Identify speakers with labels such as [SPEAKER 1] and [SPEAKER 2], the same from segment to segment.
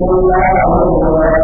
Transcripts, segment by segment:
[SPEAKER 1] ثم يعود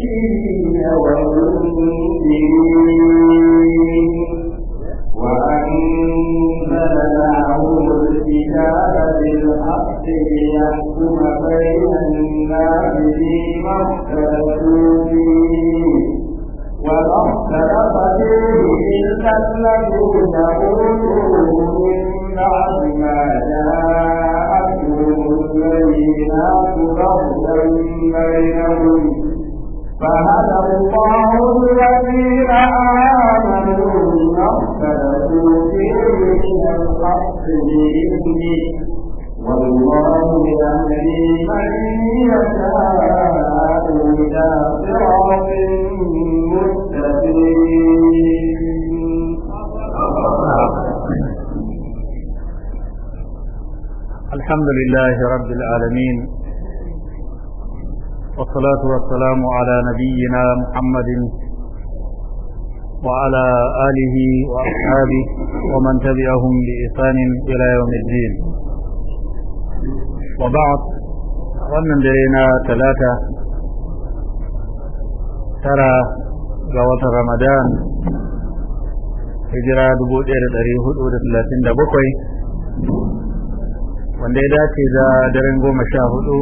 [SPEAKER 1] shi ne wannan ne بإذنه والله يهدي من يشاء إلى صراط مستقيم الحمد لله رب العالمين والصلاة والسلام على نبينا محمد وعلى آله وأصحابه ومن تبعهم بإحسان إلى يوم الدين وبعد wannan dare na talata tara ga watan ramadan hijira 1437 wanda ya dace da daren goma sha hudu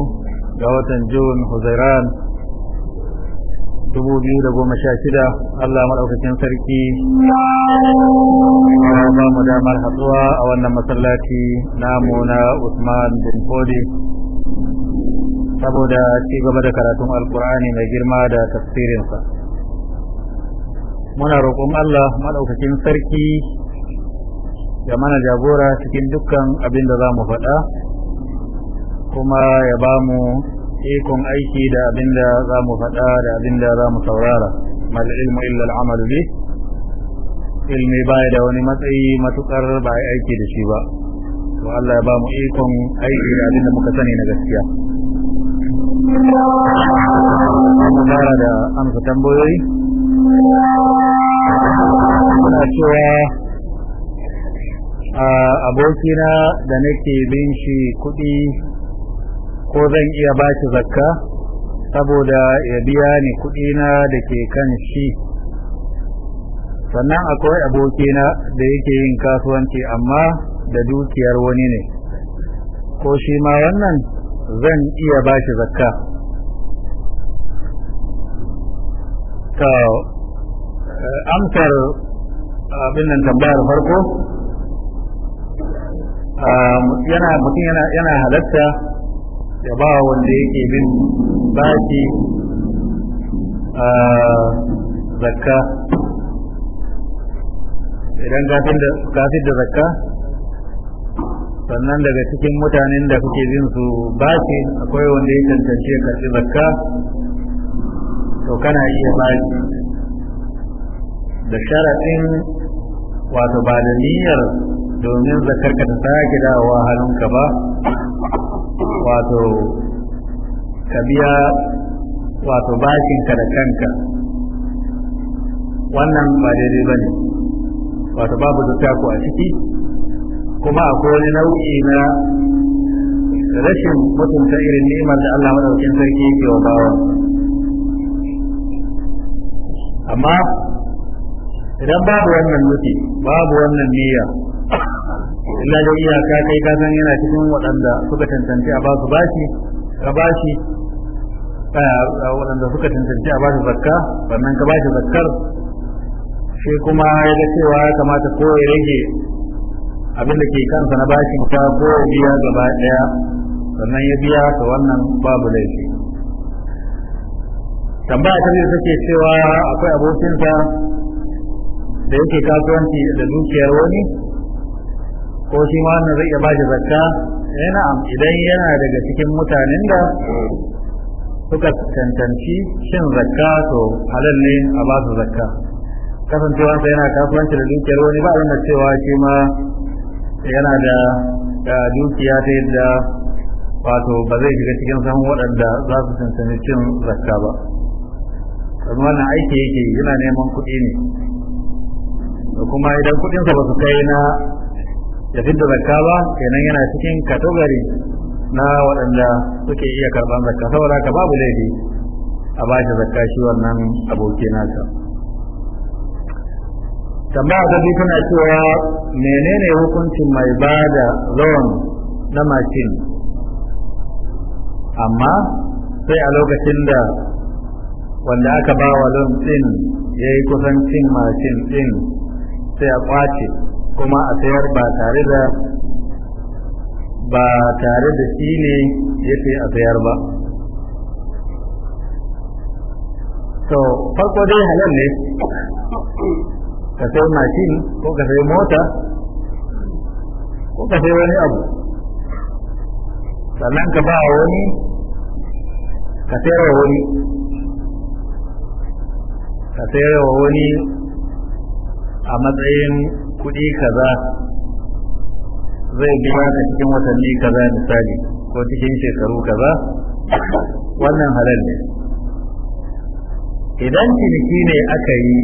[SPEAKER 1] ga watan jun huzairan dubu biyu da goma sha shida Allah maɗaukakin sarki ya ba mu damar hatsuwa a wannan masallaci namu na Usman bin Fodi saboda ci gaba da karatun alkur'ani mai girma da tafsirinsa muna roƙon Allah maɗaukakin sarki ya mana jagora cikin dukkan abin da za mu faɗa kuma ya ba mu ikon aiki da abinda za mu faɗa da abinda za mu saurara mal ilmu illa al'amalu bi ilmi baya da wani matsayi matukar ba a aiki da shi ba to Allah ya ba mu ikon aiki da abinda muka sani na gaskiya mu da amsa tambayoyi suna cewa abokina da nake bin shi kuɗi ko zan iya ba shi zakka saboda ya biya ni kuɗina da ke kan shi sannan akwai abokina da yake yin kasuwanci amma da dukiyar wani ne ko shi ma wannan zan iya ba shi zakka ta eh, amsar abin tambayar farko yana mutum yana halatta ya ba wanda yake bin baki a zakka idan gafin da zakka sannan daga cikin mutanen da kuke bin su baki akwai wanda ya cancanci ya karfi zakka to kana iya baki da sharaɗin wato ba da niyyar domin ka ta sake dawowa hannunka ba wato ka biya wato bashinka da kanka wannan ba daidai ba ne wato babu dattako a ciki kuma akwai wani nau'i na rashin mutunta irin ni'imar da Allah madaukakin sarki yake wa bawa amma idan babu wannan nufi babu wannan niyya illa da iyaka kai ka san yana cikin waɗanda suka tantance a basu bashi ka bashi waɗanda suka tantance a basu zakka sannan ka bashi zakkar shi kuma ya ga cewa ya kamata ko ya rage abin da ke kansa na bashin ta ko ya biya gaba ɗaya sannan ya biya ta wannan babu laifi tambaya ta biyu take cewa akwai abokinsa da yake kasuwanci da dukiyar wani ko shi ma wannan zai iya ba shi zakka eh, na'am idan yana daga cikin mutanen da suka tantanci shin zakka to halal ne a ba su zakka kasancewa sai yana kasuwanci da dukiyar wani ba wannan cewa shi ma yana da dukiya ta yadda wato ba zai shiga cikin samun waɗanda za su tantance cin zakka ba kuma wannan aiki yake yana neman kuɗi ne kuma idan kuɗinsa ba su kai na ya da zakka ba kenan yana cikin katogari na waɗanda suke iya karɓar zakka saboda ka babu laifi a ba shi zakka shi wannan aboki nasa tambaya ta biyu tana cewa menene hukuncin mai ba da loan na mashin amma sai a lokacin da wanda aka ba wa loan din ya yi kusancin mashin din sai a kwace kuma a sayar ba tare da ba tare da shi ne yake a sayar ba to farko dai halal ne ka sai mashin ko ka sai mota ko ka sai wani abu sannan ka ba wani ka sayarwa wani ka sayarwa wani a matsayin kuɗi kaza zai biya ka cikin watanni kaza misali ko cikin shekaru kaza wannan halal ne idan ciniki ne aka yi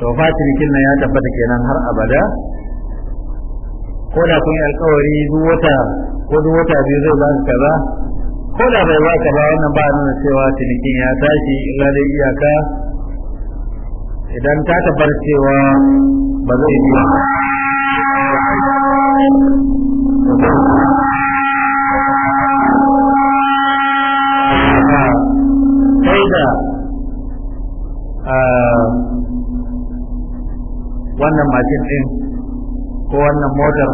[SPEAKER 1] to fa cinikin nan ya tabbata kenan har abada ko da kun yi alkawari duk wata ko duk wata biyu zai ba kaza ko da bai ba ka ba wannan ba nuna cewa cinikin ya tashi illa dai iyaka idan ta tabbar cewa ba zai biya sai da wannan mashin ɗin ko wannan motar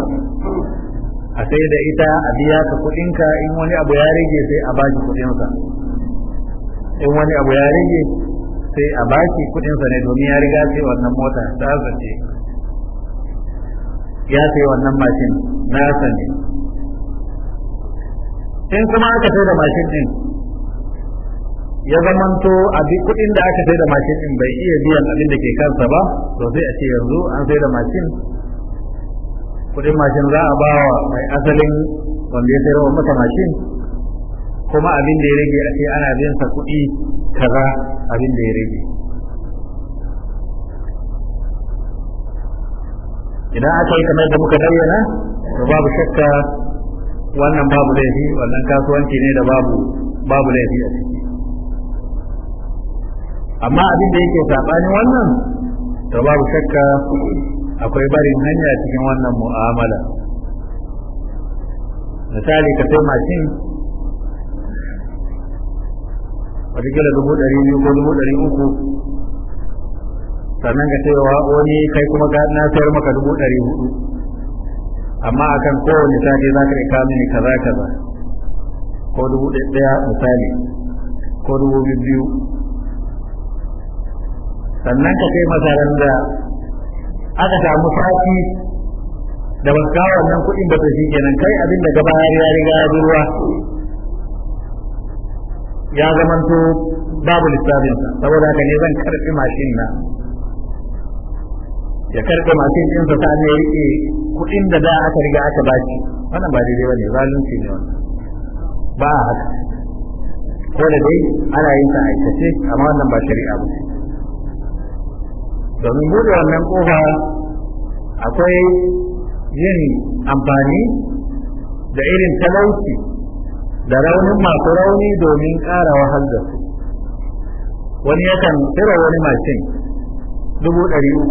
[SPEAKER 1] a sai da ita a biya ka kudinka in wani abu ya rage sai a baki kudinka in wani abu ya rage sai a bashi kudin sa ne domin ya riga sai wannan mota ta zace ya sai wannan mashin na sani in kuma aka sai da mashin din ya zamanto a duk kudin da aka sai da mashin din bai iya biyan abin da ke kansa ba to sai a ce yanzu an sai da mashin kudin mashin za a ba wa mai asalin wanda ya sai masa mashin kuma abin da ya rage a ce ana biyan sa kuɗi kaza abin da ya rage idan aka yi kamar da muka bayyana to babu shakka wannan babu laifi wannan kasuwanci ne da babu babu laifi a ciki amma abin da yake sabanin wannan to babu shakka akwai barin hanya cikin wannan mu'amala misali ka sai mashin watakila dubu ɗari biyu ko dubu ɗari uku sannan ka cewa wani kai kuma ka na sayar maka dubu ɗari hudu amma akan kowane sati za ka iya kawo mini kaza kaza ko dubu ɗaya misali ko dubu biyu sannan ka kai masa da aka samu sati da ba kawo wannan kuɗin da ta shi kenan kai abin da gaba ya riga ya ruwa ya zamanto babu lissafinsa saboda haka ne zan karɓi mashin na ya karɓe mashin ɗinsa ta ne rike kuɗin da da aka riga aka baki, wannan ba daidai bane zalunci ne wannan ba a haka ko da dai ana yin ta aikace amma wannan ba shari'a ba domin buɗe wannan ƙofa akwai yin amfani da irin talauci da raunin masu rauni domin ƙara wahal da su wani yakan tsira wani mashin dubu ɗari uku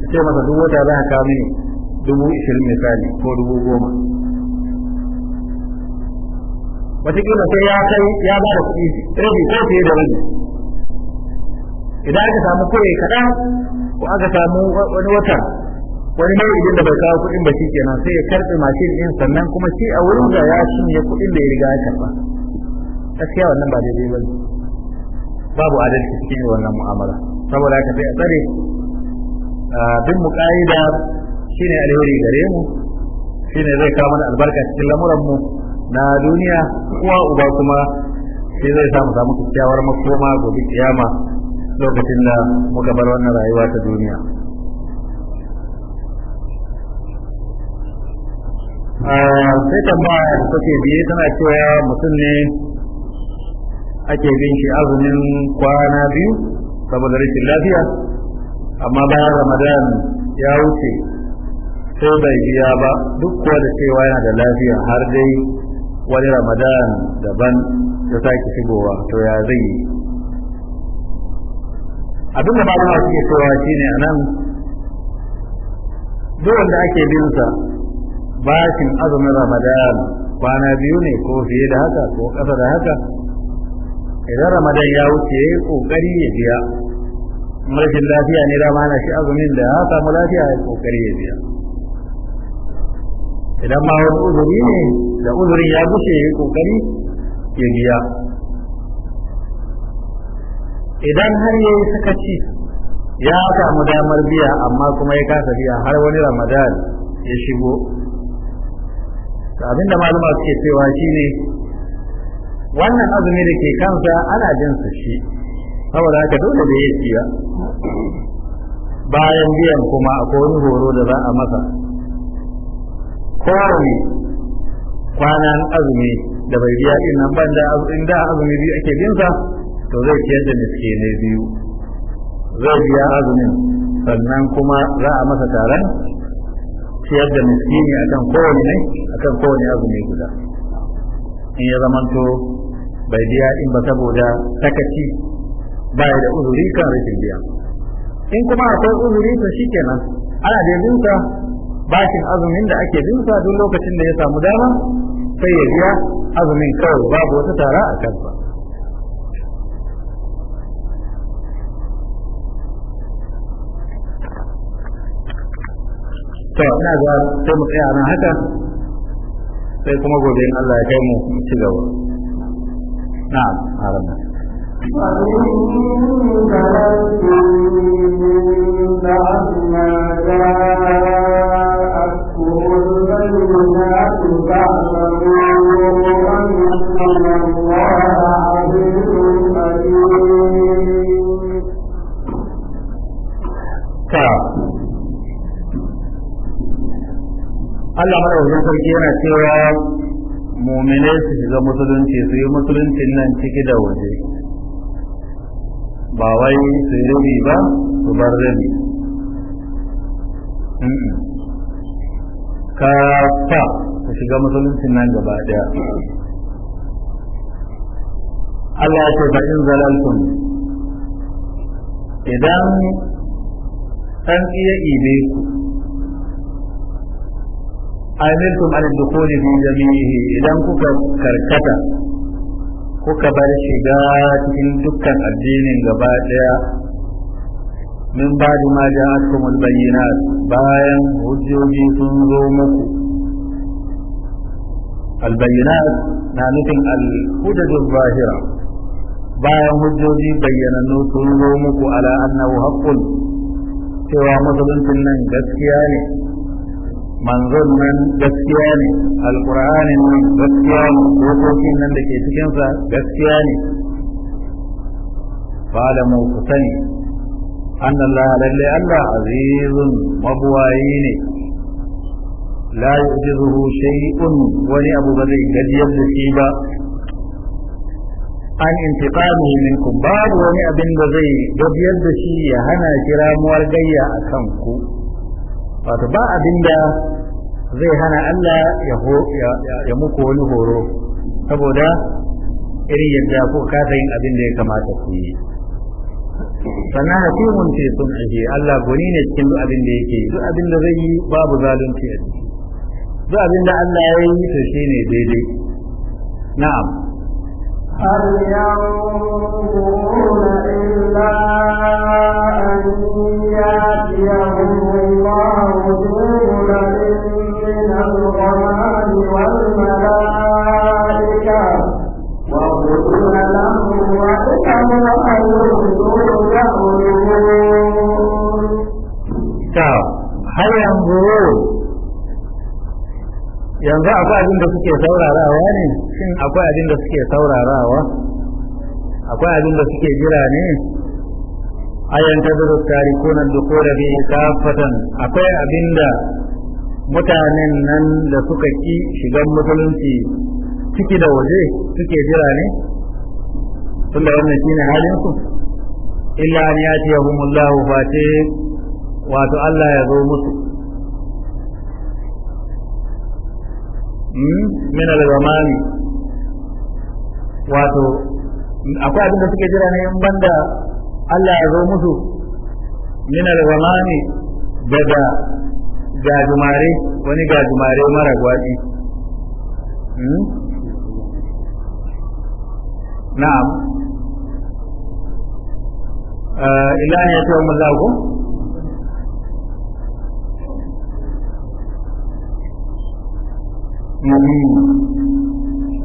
[SPEAKER 1] ya ce masa dubu wata za a kawo mini dubu ishirin misali ko dubu goma wataƙila sai ya kai ya ba da kuɗi rabi ko fiye da rabi idan aka samu kuɗi kaɗan ko aka samu wani wata wani mai idan da bai kawo kuɗin ba kenan sai ya karɓe mashin ɗin sannan kuma shi a wurin da ya cinye kuɗin da ya riga ya karɓa gaskiya wannan ba daidai ba babu adalci cikin wannan mu'amala saboda haka sai a tsare bin mu ka'ida ne alheri gare mu ne zai kawo mana albarka cikin lamuran mu na duniya uwa uba kuma shi zai samu samun samu kyakkyawar makoma gobe kiyama lokacin da muka bar wannan rayuwa ta duniya Ah, sai tambaya da ce biye tana cewa mutum ne ake bin shi azumin kwana biyu saboda rikin lafiya amma bayan ramadan ya wuce sai bai biya ba duk kuwa da cewa yana da lafiya har dai wani ramadan daban ya sake shigowa to ya zai yi abin da malama suke cewa shine anan duk wanda ake bin sa bashin azumin ramadan kwana biyu ne ko fiye da haka ko ƙasa da haka idan ramadan ya wuce ya yi ƙoƙari ya biya marjin lafiya ne dama na shi azumin da ya samu lafiya ya ƙoƙari ya biya idan ma wani uzuri ne da uzurin ya wuce ya yi ƙoƙari ya biya idan har ya yi sakaci ya samu damar biya amma kuma ya kasa biya har wani ramadan ya shigo to da malama suke cewa shine wannan azumi da ke kansa ana jin su shi saboda haka dole da ya bayan biyan kuma akwai wani horo da za a masa kowane kwanan azumi da bai biya din nan ban da in da azumi biyu ake sa to zai ce da ne biyu zai biya azumin sannan kuma za a masa taron Siyar da miskini akan kowane ne akan kowane azumi guda in ya zamanto bai biya in ba saboda takaci ba da uzuri kan rashin biya in kuma akwai uzuri shi kenan ana da binsa bashin azumin da ake binsa duk lokacin da ya samu dama sai ya biya azumin kawai babu wata tara a kansa to ina ga sai mu tsaya nan haka sai kuma gobe in Allah ya kai mu mu ci gaba Allah wajen sarki yana cewa mu'minai su shiga musulunci su yi musuluncin nan ciki da waje ba wai su yi rabi ba su bar rabi ka ta su shiga musuluncin nan gaba daya Allah ya ce ba in zalaltum idan ɗan iya ibe ku amintum an dukuli bi jami'i idan kuka karkata kuka bar shiga cikin dukkan addinin gaba daya min ba da ma ja'atkumul bayyinat bayan hujjoji sun zo muku albayyinat na nufin al-hujjatu zahira bayan hujjoji bayyanannu sun zo muku ala annahu haqqun cewa musuluncin nan gaskiya ne manzon nan gaskiya ne alqur'anin nan gaskiya ne dokokin nan da ke cikinsa gaskiya ne fa'alamu ku sani anna allaha lalle allah azizun mabuwayi ne la yujizuhu shay'un wani abu ba zai gajiyar da shi ba an intiqami minkum babu wani abin da zai gajiyar da shi ya hana shi ramuwar gayya a kanku ku wato ba abinda zai hana Allah ya muku wani horo saboda irin yadda ku kasa yin abin da ya kamata ku yi sannan hakimun ce sun aje Allah goni ne cikin duk abin da yake duk abin da zai yi babu zalunci a ciki duk abin da Allah ya yi to shine daidai na'am هل ينظرون إلا أن يأتيهم الله جبلا من الغمام والملائكة وقلنا لهم وإنما أيضا هل ينظرون yanzu akwai abin da suke saurarawa ne shin akwai abin da suke saurarawa akwai abin da suke jira ne ayan tabiru tarikunan dukura bi kafatan akwai abin da mutanen nan da suka ki shigan musulunci ciki da waje suke jira ne tunda wannan shine halin su illa an yatiyahumullahu fate wato Allah ya zo musu min hmm? al-ghamami wato akwai abin da suke jira ne in banda Allah ya zo musu min al-ghamami daga gajumare wani gajumare mara gwaji hmm? na'am eh, ilahi ya tuwa mu يمين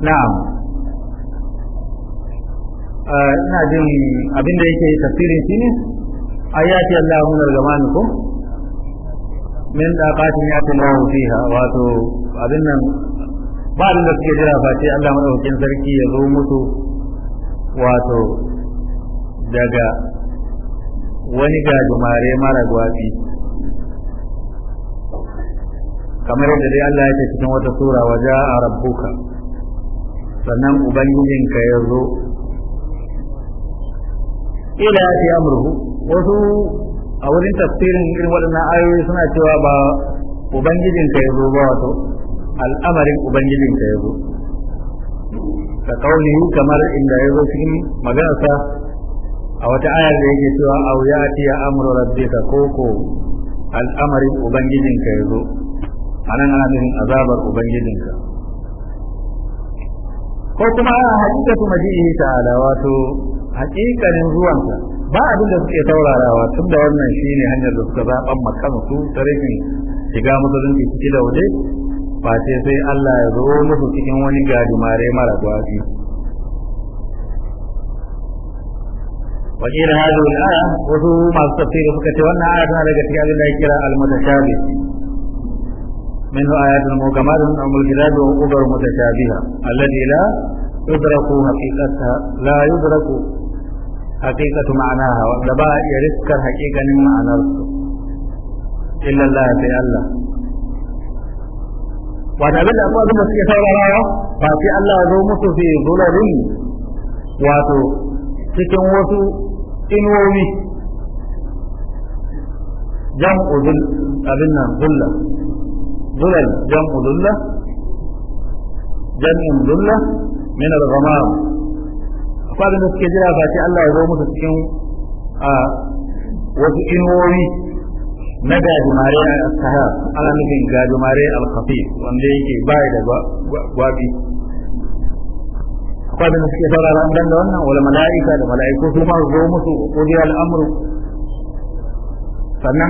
[SPEAKER 1] نعم eh, ina jin abin da yake tafsirin shi ne ayati Allah mun zamanukum min daqatin ya tilahu fiha wato abin nan ba da suke jira ba sai Allah madaukakin sarki ya zo musu wato daga wani gajimare mara gwafi kamar yadda dai Allah ya ce cikin wata sura wa ja'a rabbuka sannan ubangijinka ya zo ila ya ce amurhu wasu a wurin tafsirin irin waɗannan ayoyi suna cewa ba ubangijinka ya zo ba wato al'amarin ubangijinka ya zo ka kauni kamar inda ya zo cikin maganarsa a wata ayar da yake cewa a ya ce ya amuru rabbika ko ko al'amarin ubangijinka ya zo anan ana nufin azabar ubangijinka ko kuma a hakikatu majihi ta'ala wato hakikanin zuwansa ba abin da suke taurarawa tun da wannan shine hanyar da suka zaɓan makanu su ta rikin shiga musulunci ciki da waje ba ce sai Allah ya zo musu cikin wani gadumare mara gwaji wakil hadu al'aya wasu masu tafsiri suka ce wannan aya tana daga cikin abin da ya kira al-mutashabih منه آيات من أم الكتاب وأخر متشابهة التي لا يدرك حقيقتها لا يدرك حقيقة معناها وقبا يرزك حقيقة معنى إلا الله في الله wata abin da abubuwan da suke saurarawa ba sai Allah zo musu fi zularin wato cikin wasu inuwomi jam'u abin nan zullar ظلل جمع ذلة جمع ذلة من الغمام فقال نسك جرا فاتي الله يروم تسكين وسكين آه، ووي نجا جماري السهاب على نسكين جا جماري الخفيف وان ديك بايدة وابي فقال نسك جرا لأن دن دون والملائكة الملائكة ثم الروم وقضي الأمر فنمع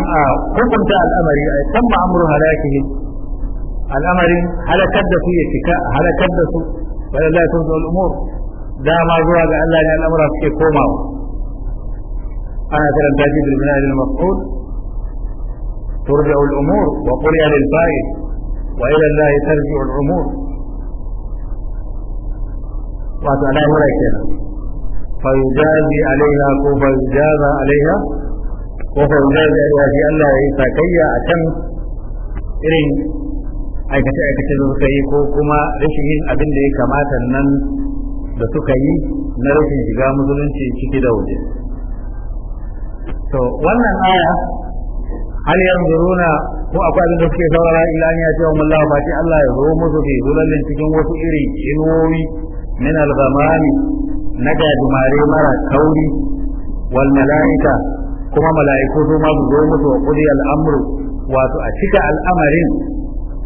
[SPEAKER 1] حكمت الأمر آه، تم أمر هلاكه الامر على كدسوا يتكاء على كدسوا ولا لا تنزع الامور دا ما زوا دا الله لان الامر في كوما انا ترى الباجيب البناء المفقود ترجع الامور وقرئ للبائد والى الله ترجع الامور وتعالى مريكا فيجازي عليها كوبا يجازى عليها وفيجازي عليها في الله يتكيا اتم aikace aikace da suka yi ko kuma rashin yin abin da ya kamata nan da suka yi na rashin shiga musulunci ciki da waje to wannan aya hal yanzuruna ko akwai abin da suke saurara ila an yace wa Allah ba ce Allah ya zo musu fi zulallin cikin wasu iri inuwowi min al-zamani na gajimare mara kauri wal mala'ika kuma mala'iku su ma zo musu wa quli al-amru wato a cika al'amarin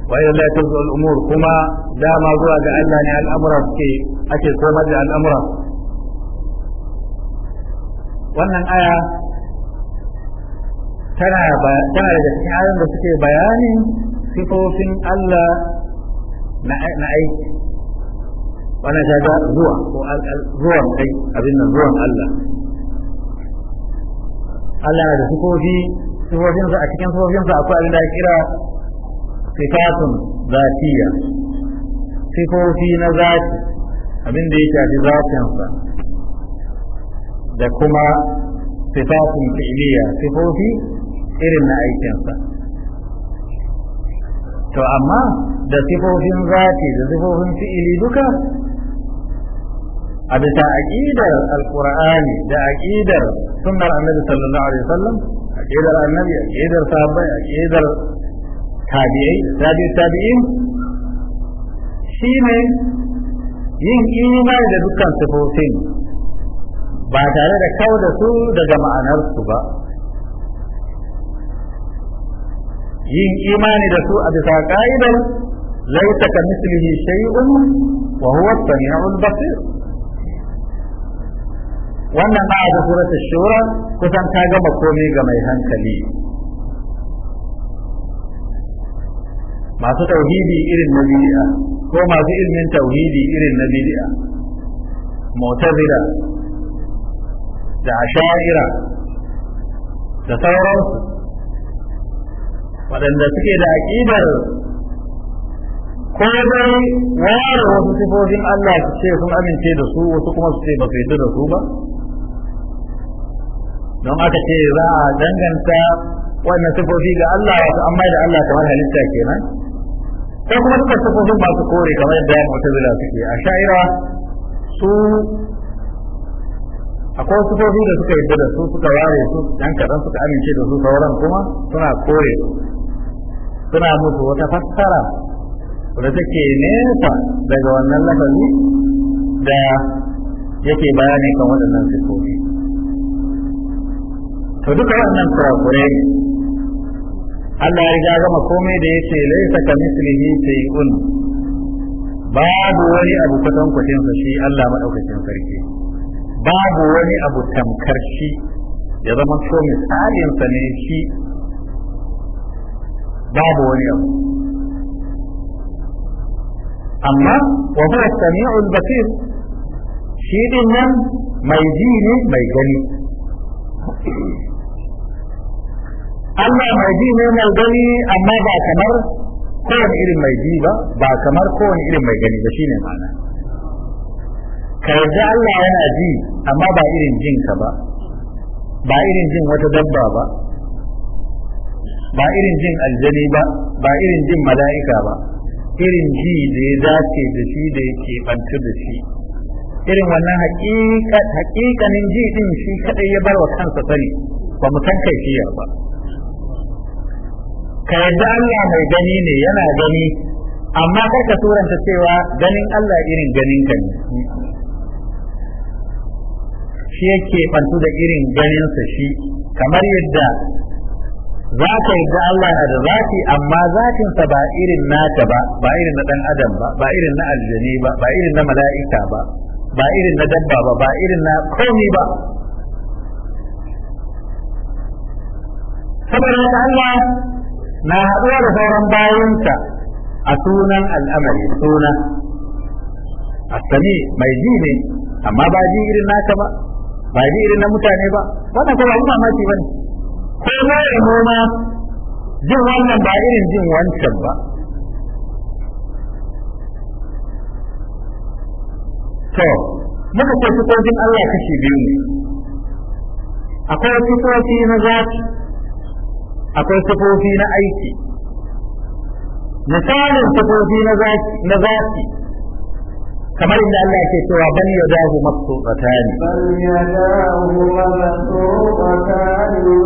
[SPEAKER 1] wa ila la tuzul kuma dama zuwa ga Allah ne al'amura suke ake komar da al'amura wannan aya tana tana daga cikin ayoyin da suke bayanin sifofin Allah na aiki wannan shaga zuwa ko zuwan kai abin nan zuwan Allah Allah na da sifofi a cikin sifofinsa akwai kira sifatun zatiya sifofi na zati abin da ya shafi zatinsa da kuma sifatun fi'liya sifofi irin na aikinsa to amma da sifofin zati da sifofin fi'ili duka a bisa aƙidar alƙur'ani da aƙidar sunnar annabi sallallahu alaihi wasallam aƙidar annabi aƙidar sahabbai aƙidar tabi'ai tabi tabi'in yin imani da dukkan sifofin ba tare da kawo da su daga ma'anarsu ba yin imani da su a bisa ka'idar laita ka mislihi shay'un wa huwa as-sami'ul basir wannan ba da suratul shura kusan ta gama komai ga mai hankali masu tauhidi irin na bid'a ko masu ilmin tauhidi irin na bid'a mu'tazila da asha'ira da sauransu waɗanda suke da aƙidar ko dai ware wasu sifofin Allah su ce sun amince da su wasu kuma su ce ba su yarda da su ba don aka ce za a danganta wannan sifofi ga Allah wasu amma da Allah kamar halitta kenan ko kuma duka sufofin masu kore kamar yadda ya mutu zila suke a sha'ira su akwai tafi da suka yadda da su suka ware su yan kadan suka amince da su sauran kuma suna kore suna mutu wata fassara da take nesa daga wannan lafazi da yake bayani kan waɗannan kore. to duka waɗannan kurakurai Allah ya riga gama komai da yake laisa ka mislihi shay'un babu wani abu kwatan kwatin sa shi Allah madaukakin sarki babu wani abu tamkar shi ya zama so misalin sa ne shi babu wani abu amma wa huwa samiul basir shi din nan mai ji ne mai gani Allah mai ji ne mai gani amma ba kamar kowane irin mai ji ba ba kamar kowane irin mai gani ba shine mana ka yarda Allah yana ji amma ba irin jin ka ba ba irin jin wata dabba ba ba irin jin aljani ba ba irin jin mala'ika ba irin ji da ya dace da shi da ya keɓanta da shi irin wannan hakikanin ji din shi kadai ya bar wa kansa sani ba mu san kai ba ka yadda Allah mai gani ne yana gani amma kar ka suranta cewa ganin Allah irin ganin ka ne shi yake bantu da irin ganinsa shi kamar yadda za ka yadda Allah na da zafi, amma zafinsa ba irin nata ba ba irin na dan adam ba ba irin na aljani ba ba irin na mala'ika ba ba irin na dabba ba ba irin na komi ba saboda Allah na haɗuwa da sauran bayansa a sunan al'amari suna asami mai ji ne amma ba ji irin naka ba ba ji irin na mutane ba wannan kuma ba mamaki bane ko na mu noma jin wannan ba irin jin wancan ba to muka ce sifofin Allah kashi biyu akwai sifofi na zaki akwai sifofi na aiki misalin sifofi na zafi. kamar inda Allah ke cewa ban ya dahu masu tsakani ban ya dahu masu tsakani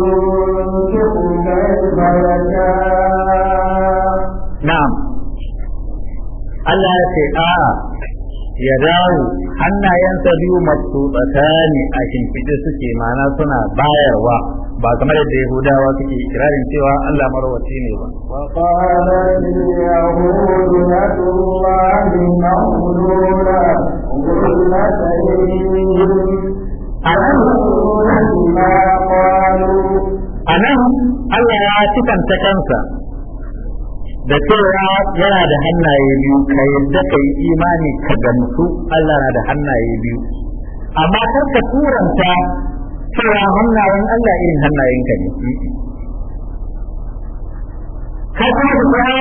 [SPEAKER 1] na'am Allah ya ce a ya dawo hannayensa biyu masu tsakani a shimfiɗe suke mana suna bayarwa ba kamar yadda yahudawa suke ikirarin cewa Allah marwaci ne ba wa qala yahudu anan Allah ya cikanta kansa da cewa yana da hannaye biyu ka yadda ka yi imani ka gamsu Allah na da hannaye biyu amma kar ka turanta cewa hannayen Allah irin hannayen ka ne ka kuma da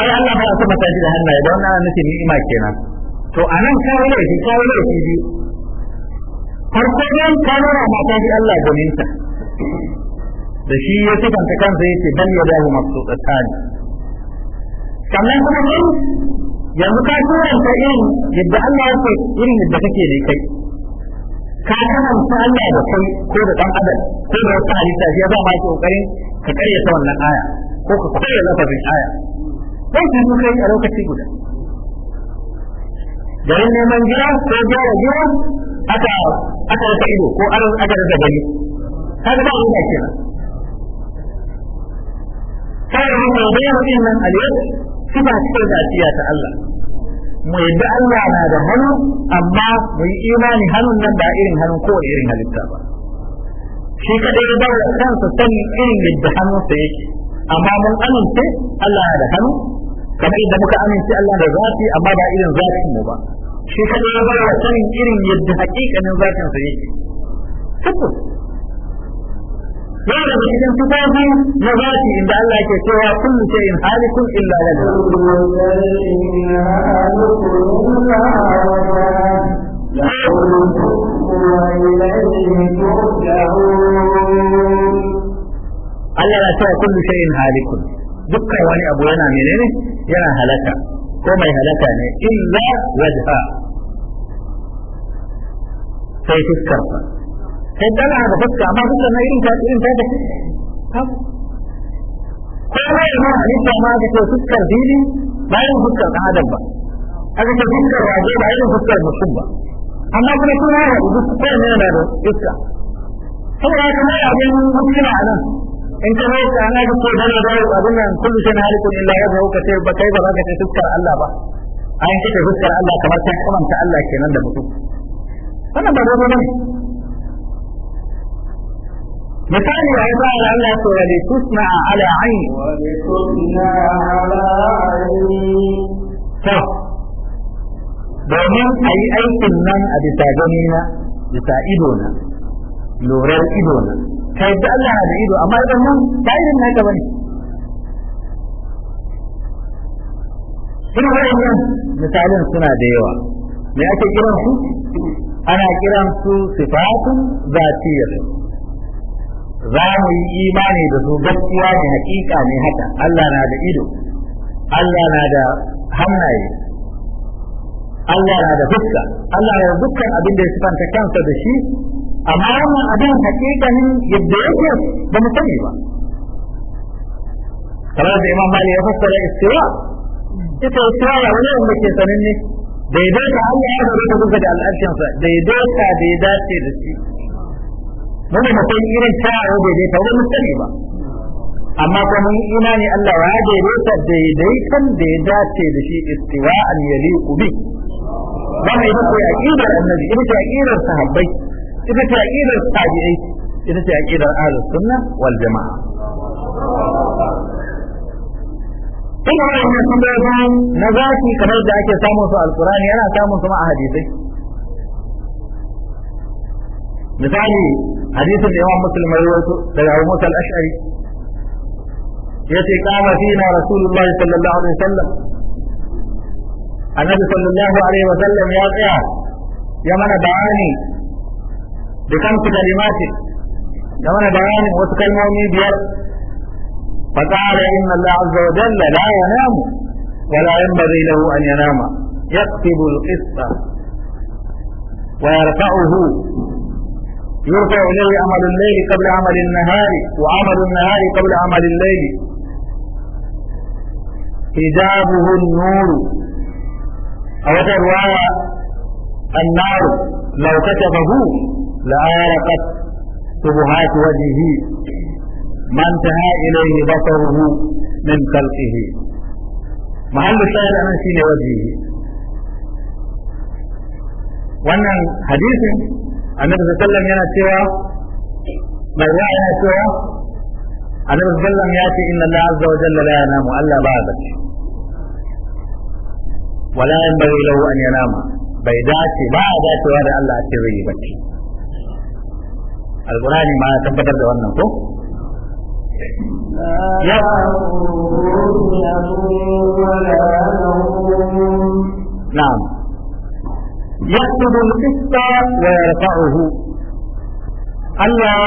[SPEAKER 1] ai Allah ba su mata shi da hannaye don ana nufin ima kenan to anan kawo laifi kawo laifi biyu farko don kawo mata shi Allah ta. da shi ya sifanta kansa ya ce bal yadahu mabsuutatan sannan kuma kai yanzu ka karanta irin yadda Allah ya ce irin yadda kake da kai ka karanta Allah da kai ko da dan adam ko da wata halitta shi ya ba ma kokarin ka karyata wannan aya ko ka karyata lafazin aya sai ka yi kai a lokaci guda garin neman gida ko gyara gida aka aka rasa ido ko aka rasa gani kaga ba wani kenan kada mu mai da yau nan Aliyu, su ba su ce zaciya ta Allah mu yadda Allah na da hannu amma mu yi imani hannun nan ba irin hannun kowane irin halitta ba shi kadai ya bawa kansa sanin irin yadda hannunsa yake amma mun amince Allah na da hannu kamar yadda muka amince Allah da zafi amma ba irin zafin mu ba shi kadai ya bawa sanin irin yadda hakikanin zafinsa yake tabbas yana da cikin tufafi na zaki inda Allah ke cewa kullu shay'in halikun illa da lana Allah ya cewa kullu shay'in halikun dukkan wani abu yana menene yana halaka ko mai halaka ne illa wajha sai fuskarsa sai tana da fuska amma fuska na irin ta irin ta ta ko ma imam halitta ma da ke fuskar dini ba irin fuskar ɗan adam ba aka ce fuskar rago ba irin fuskar mutum ba amma kuma sun ya haɗu fuskar ne na da fuska saboda haka mai abin mutum a nan in ka mai ka ana ko da da abin nan kullu shi na halikun illa ya ka sai ba kai ba za ka ce fuskar Allah ba an kace fuskar Allah kamar ta kamanta Allah kenan da mutum wannan ba dole ne misali ya yasa da Allah to ya tusna ala aini to domin a yi aikin nan a bisa ganina bisa idona, na lorar ido na ka Allah da ido amma idan nan ba irin naka bane irin nan misalin suna da yawa me ake kiran su ana kiran su sifatun zatiyar za mu yi imani da su gaskiya ne hakika ne haka Allah na da ido Allah na da hannaye Allah na da fuska Allah na da dukkan abin da ya sifanta kansa da shi amma wannan abin hakikanin yadda yake ba mu sani ba kamar da Imam Malik ya fassara istiwa ita istiwa wani wanda ke sanin ne daidaita Allah ya da duka da al'arshinsa daidaita da dace da shi mun ba san irin tawo daidaita ba mun sani ba amma kuma mun imani Allah ya daidaita daidaitan da ya dace da shi istiwa'an yaliqu bi wannan ita ce aqidar annabi ita ce aqidar sahabbai ita ce aqidar tabi'ai ita ce aqidar ahlus sunna wal jama'a ina wannan tambayoyi na zaki kamar da ake samun su alqur'ani yana samun su ma a hadisai misali حديث الإمام مسلم رويته سيدنا موسى الأشعري يأتي قام فينا رسول الله صلى الله عليه وسلم النبي صلى الله عليه وسلم يا قيام يا من دعاني بخمس كلمات يا من دعاني وتكلموني بيد فقال إن الله عز وجل لا ينام ولا ينبغي له أن ينام يكتب القسط ويرفعه يرفع إليه عمل الليل قبل عمل النهار وعمل النهار قبل عمل الليل حجابه النور أو رواية النار لو كتبه لآرقت شبهات وجهه ما انتهى إليه بصره من خلقه محل الشاهد أنا شين وجهه وأن حديث أنا بتكلم يا عليه وسلم يا سوى أنا بتكلم يا النبي إن الله عز وجل لا ينام ألا بعدك ولا ينبغي له أن ينام بيداتي بعد سوى ألا بك القرآن ما تبدر له أنه لا يقول ولا يأخذ القسط ويرفعه الله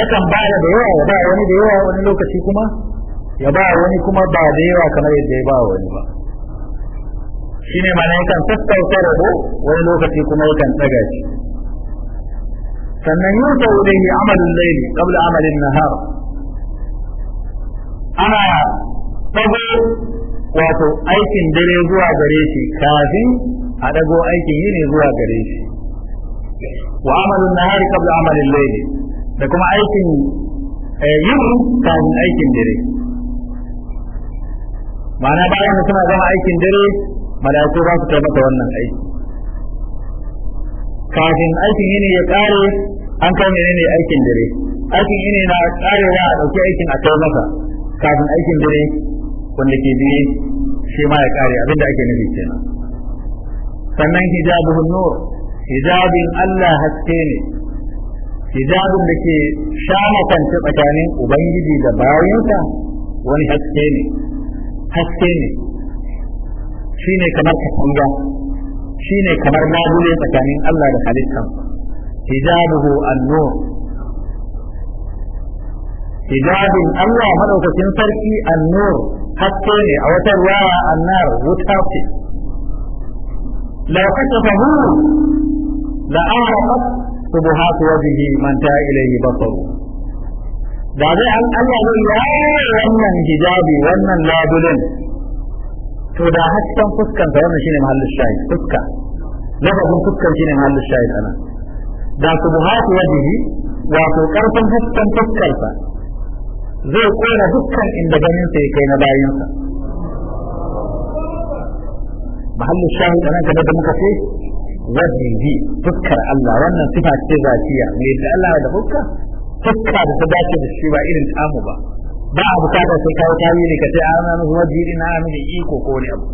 [SPEAKER 1] يكن بعد دواء يباع وني دواء وني لوكا شيكما يباع وني كما بعد دواء كما يجي يباع وني ما شيني معنى يكن تستا وطربه وني لوكا شيكما يكن تقاش فمن يوضع إليه عمل الليل قبل عمل النهار أنا تقول واتو أيكن دليل هو بريشي كافي a dago aikin yi ne zuwa gare shi wa amalun nahari qabla amalin layli da kuma aikin eh, yin kafin aikin dare ma'ana bayan da suna zama aikin dare mala'iku ba su kai masa wannan aiki kafin aikin yini ya kare an kai ne aikin dare aikin yini na karewa a dauki aikin a kai masa kafin aikin dare wanda ke biye shi ma ya kare abinda ake nufi kenan sannan hijabuhun nur hijabin Allah haske ne hijabin da ke shamakance tsakanin ubangiji da bayansa wani haske ne haske ne shi ne kamar katanga shi ne kamar labule tsakanin Allah da halittan hijabuhu an-nur hijabin Allah madaukakin sarki an-nur haske ne a wata ruwa annar wuta ce لو كشفه لأعرفت سبحات وجهه من جاء إليه بصره da zai an Allah zai yaye wannan hijabi wannan labulin to da hasken fuskan ta wannan shine mahallin shayi fuska lafazin fuskan shine mahallin shayi sana. da subhatu wajhi wato karfin hasken fuskar sa zai kona dukkan inda ganin sa kai na bayansa sa محل الشاهد أنا كذا دمك فيه وجهي دي فكر الله وانا صفة ذاتية من الله هذا فكر فكر هذا صداتي بالشيء وإن تأمبا ما أبو كاتا سيكا وكاويني كتي آمان وجهي إن آمان إيكو قولي أبو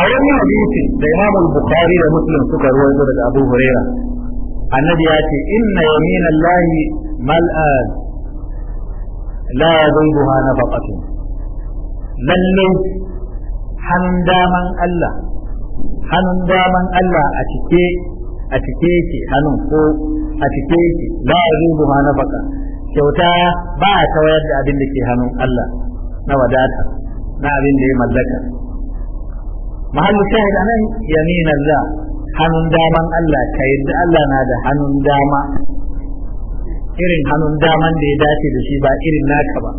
[SPEAKER 1] أولا حديثي بإمام البخاري ومسلم سكر هو يقول أبو هريرة النبي ياتي إن يمين الله ملأ لا يذوبها نفقة بل hannun daman Allah hannun daman Allah a cike a cike yake hannun ko a cike yake la yuzu ma nafaka kyauta ba a wayar da abin da ke hannun Allah na wadata na abin da ya mallaka mahallu shahid anan yamin Allah hannun daman Allah ka yadda Allah na da hannun dama irin hannun daman da ya dace da shi ba irin naka ba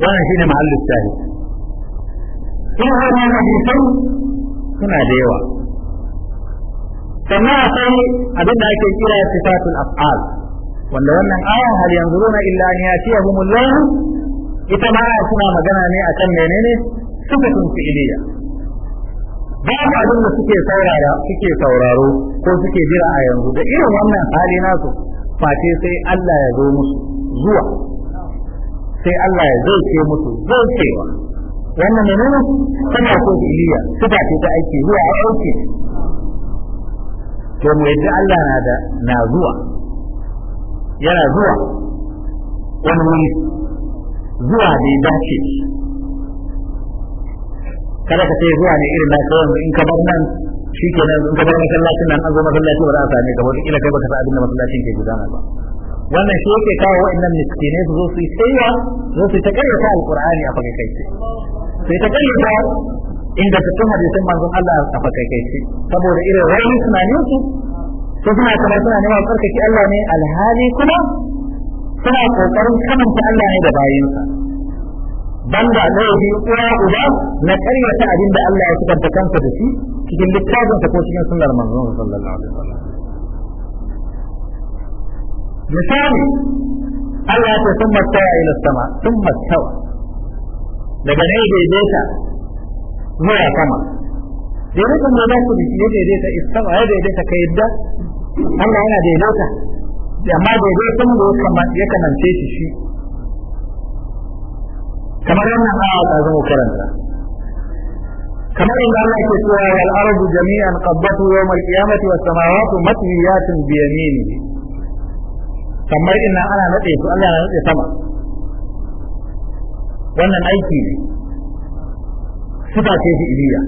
[SPEAKER 1] wannan shine mahallin shahi in har ma suna da yawa sannan akwai abin da ake kira sifatul af'al wanda wannan aya hal yanzuruna illa an yatiyahumul lahu ita ma suna magana ne akan menene sifatun fi'liya babu abin da suke saurara suke sauraro ko suke jira a yanzu da irin wannan hali nasu face sai Allah ya zo musu zuwa sai Allah ya zai ce musu zai cewa wannan menene tana ko iliya suka ce ta aiki zuwa a aiki to mu yadda Allah na da na zuwa yana zuwa wani mun zuwa da ya dace kada ka sai zuwa ne irin na kawai in ka bar nan shi kenan in ka bar masallacin nan an zo masallacin ba za a same ka ba ila kai baka sa abin da masallacin ke gudana ba wannan shi yake kawo wa'annan miskinai su zo su yi tsayuwa zo su ta karyata alqur'ani a fage kai sai ta karyata inda ta tun hadisin manzon Allah a fage kai saboda irin ra'ayin tunanin su su suna kamar suna neman tsarkake Allah ne alhali kuma suna kokarin kamanta Allah ne da bayinsa banda laifi uwa uba na karyata abin da Allah ya sukanta kansa da shi cikin littafinsa ko cikin sunnar manzon sallallahu alaihi wasallam misali Allah ya ce sun mastawa ila sama sun mastawa daga nan daidaita zuwa sama daidaita ne za ku da shi ya daidaita istama ya daidaita ka yadda Allah yana daidaita amma daidaitan da ya kamance shi shi kamar wannan aya ta zama karanta kamar inda Allah ke cewa wal ardu jami'an qabdatu yawm al-qiyamati was samawati matwiyatun bi yaminihi kamar ina ana nade su Allah ya nade sama wannan aiki suka ce shi iliya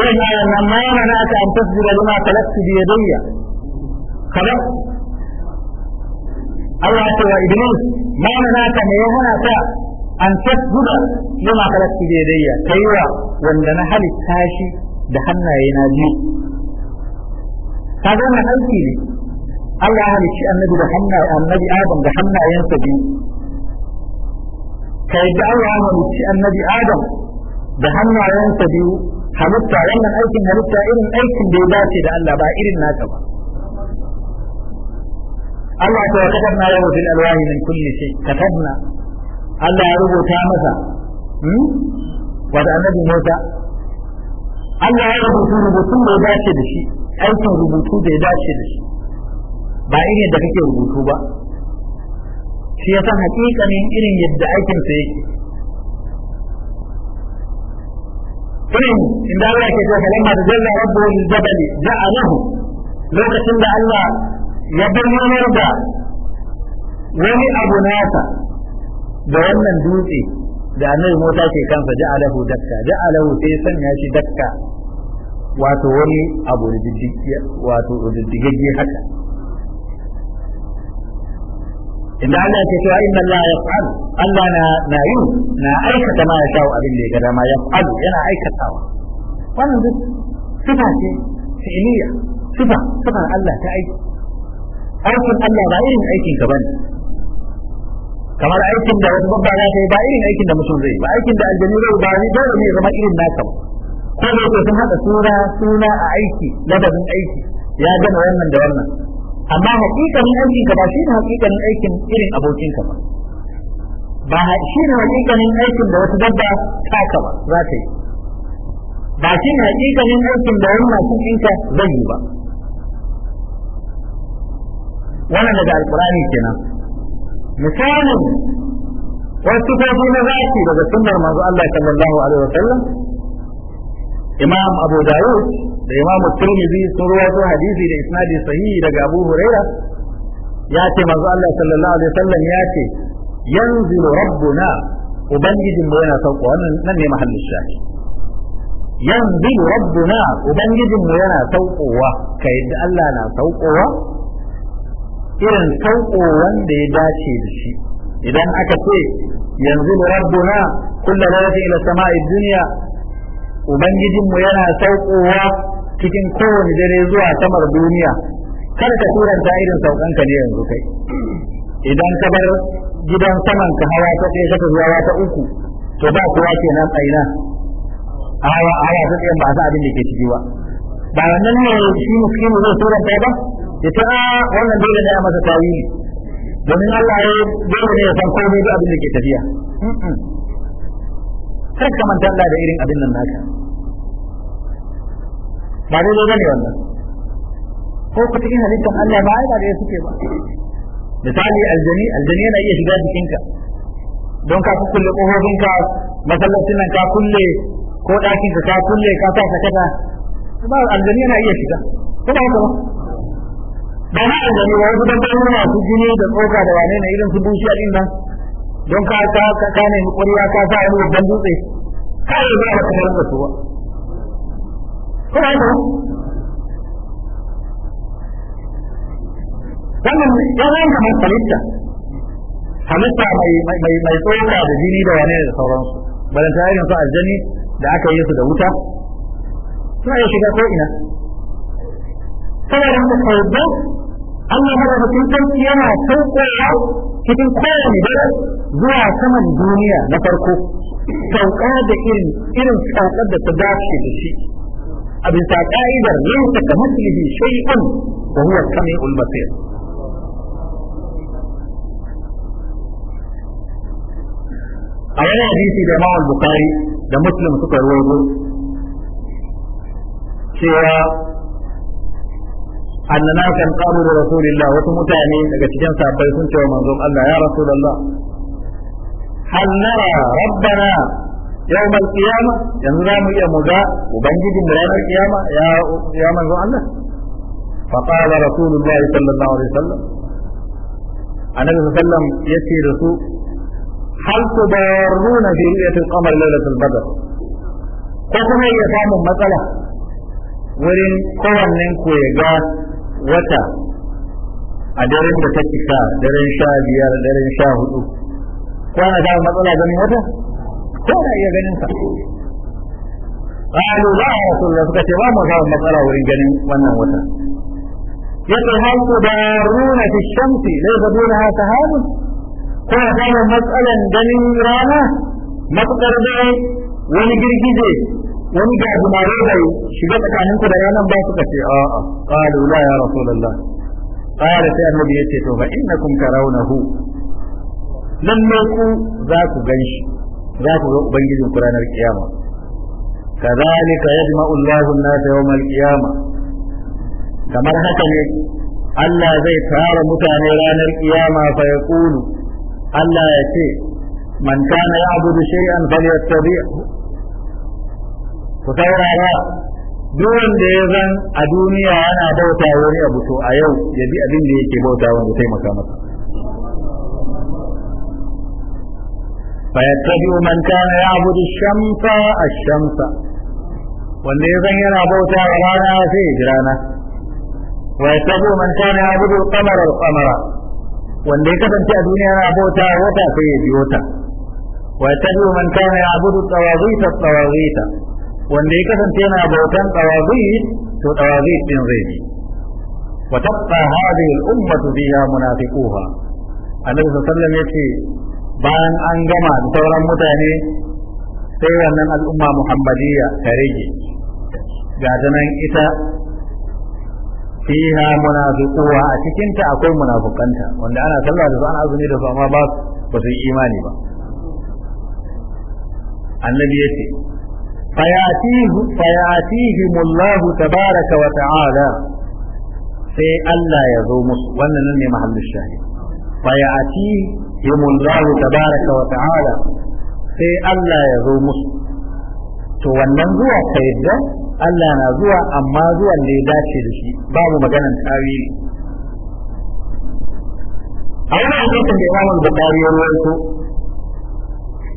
[SPEAKER 1] ina na nan na ta an tasbira lima talaktu bi dunya kada Allah ya tawa wa Idris na ta ne yana ta an tasbira lima talaktu bi dunya kaiwa wanda na halitta shi da hannaye na biyu kaga wannan aiki ne Allah ya halicci annabi da hanna annabi Adam da hannayensa biyu kai da Allah ya halicci annabi Adam da hannayensa biyu halitta wannan aikin halitta irin aikin da ya dace da Allah ba irin naka ba Allah ta kadarna yau fil alwahi min kulli shay katabna Allah ya rubuta masa hmm wa annabi Musa Allah ya rubuta rubutun da ya dace da shi aikin rubutu da ya dace da shi ba irin yadda kake rubutu ba shi yasa hakikanin irin yadda aikin sa yake irin inda Allah ke cewa lamma da jalla rabbu lil jabali ja'alahu lokacin da Allah ya bayyanar da wani abu nasa da wannan dutse da annabi mota ke kansa ja'alahu dakka ja'alahu sai sanya shi dakka wato wani abu wato diddigagge haka inda Allah ke cewa inna Allah yaf'al Allah na na yi na aikata ma ya shawo abin da ya gada ma yaf'al yana aikatawa wannan duk sifa ce fi'liya sifa sifa Allah ta aiki aikin Allah ba irin aikin ka bane kamar aikin da wasu babba za ta yi ba irin aikin da mutum zai ba aikin da aljanu zai ba ni dole ne zama irin naka ba ko da sun haɗa sura suna a aiki ladabin aiki ya gama wannan da wannan amma hakikanin aikin ka ba shi ne hakikanin aikin irin abokin ka ba ba shi ne hakikanin aikin da wata dabba ta ka ba za ta yi ba shi ne hakikanin aikin da wani masu ɗinka zai yi ba wannan daga alkurani kenan misalin wasu kofi na zafi daga sunnar manzo Allah sallallahu alaihi wasallam imam abu dawud da imamu tirmidhi sun rawaito hadisi da isnadi sahihi daga abu huraira ya ce manzo Allah sallallahu alaihi wasallam ya ce yanzilu rabbuna ubangijin mu yana sauko wannan nan ne mahallin shahi yanzilu rabbuna ubangijin mu yana saukowa kai yadda Allah na saukowa irin sauko wanda ya dace da shi idan aka ce yanzilu rabbuna kullu laylatin ila sama'i dunya ubangijin mu yana saukowa cikin kowane dare zuwa samar duniya kar ka ta irin saukan ka ne yanzu kai idan ka bar gidan saman ka hawa ta ɗaya ka zuwa ta uku to ba kowa nan aina hawa hawa ta ɗaya ba za abin da ke ciki ba ba wannan ne shi musulmi zai ta ba ya ta ah, wannan dole ne a masa tawili domin Allah ya dole ne ya san komai da abin da ke tafiya kar ka manta Allah da irin abin nan naka ba daidai bane wannan ko ku cikin halittar Allah ba ai ba daidai suke ba misali aljani aljani yana iya shiga jikinka don ka kulle kofofinka masallacin nan ka kulle ko ɗakin ka kulle ka sa sakata ba aljani yana iya shiga ko ba haka ba na aljani ba wasu dan dabbobi su jini da tsoka da wane ne irin su bushiya din nan don ka ka ka ne ƙwarya ka sa wani babban dutse kai ba ka tarar da su ba هو عنده wannan ya zama kamar halitta halitta mai tsoka da jini da wane da sauransu balanta irin su aljani da aka yi su da wuta suna iya shiga ko ina saboda haka sauran Allah mara hukun sarki yana sauƙoƙa cikin kowane dare zuwa saman duniya na farko sauƙa da irin irin sauƙar da ta dace da shi أبن تعقائد ليس كمثله شيء
[SPEAKER 2] وهو السميع
[SPEAKER 1] البصير أولا حديث جماعة البخاري ده مسلم سكر ويقول سوى ان ناسا قالوا لرسول الله وتمتعني لقد كان سابقين ومنظوم الله يا رسول الله هل نرى ربنا yau mai kiyama yanzu za mu iya mu ga ubangijin da ranar kiyama ya ya manzo Allah fa qala rasulullahi sallallahu alaihi wasallam annabi sallallahu alaihi wasallam yace rasul hal tudarruna bi ru'yati al-qamar laylatul badr ko kuma ya samu matsala wurin kowanne ku ya ga wata a daren da ta cika daren sha biyar daren sha hudu ko ana samun matsala ganin wata ko na iya ganin sa qalu ba ya rasulullah suka ce ba mu ga matsala wurin ganin wannan wata yace hal tudaruna fi shamsi la yadunha sahab ko na matsalan ganin rana matukar dai wani girgije wani da gumare bai shiga tsakanin ku da ranar ba suka ce a a qalu la ya rasulullah qala sai annabi yace to fa innakum tarawnahu lalle ku za ku ganshi za ku zo ubangijin ku ranar kiyama kadhalika yajma'u Allahu an-nas yawm al-qiyama kamar haka ne Allah zai tara mutane ranar kiyama fa yaqulu Allah ya ce man kana ya'budu shay'an falyattabi' ku saurara duk wanda ya zan a duniya yana bauta wani abu to a yau ya bi abin da yake bauta wanda taimaka masa فيتبع من كان يعبد الشمس الشمس والذي يغير بوتا ورانا في جرانا ويتبع من كان يعبد القمر القمر والذي كتبت الدنيا بوتا وتا في بيوتا ويتبع من كان يعبد الطواغيت الطواغيت والذي كتبت الدنيا بوتا طواغيت طواغيت من غيري وتبقى هذه الأمة فيها منافقوها النبي صلى الله عليه وسلم يقول bayan an gama da sauran mutane sai wannan al'umma muhammadiyya ta rage ga ita fiha munafiquha a cikinta akwai munafukanta wanda ana sallah da su ana azumi da su amma ba ba su imani ba annabi yace fayatihu fayatihim Allah tabaraka wa ta'ala sai Allah ya zo musu wannan ne mahallin shahid fayatihi yumullahu tabaraka wa ta'ala sai Allah ya zo musu to wannan zuwa ka yadda Allah na zuwa amma zuwan da ya dace da shi babu maganan tawili a wani hadisin da Imam Bukhari ya rawaito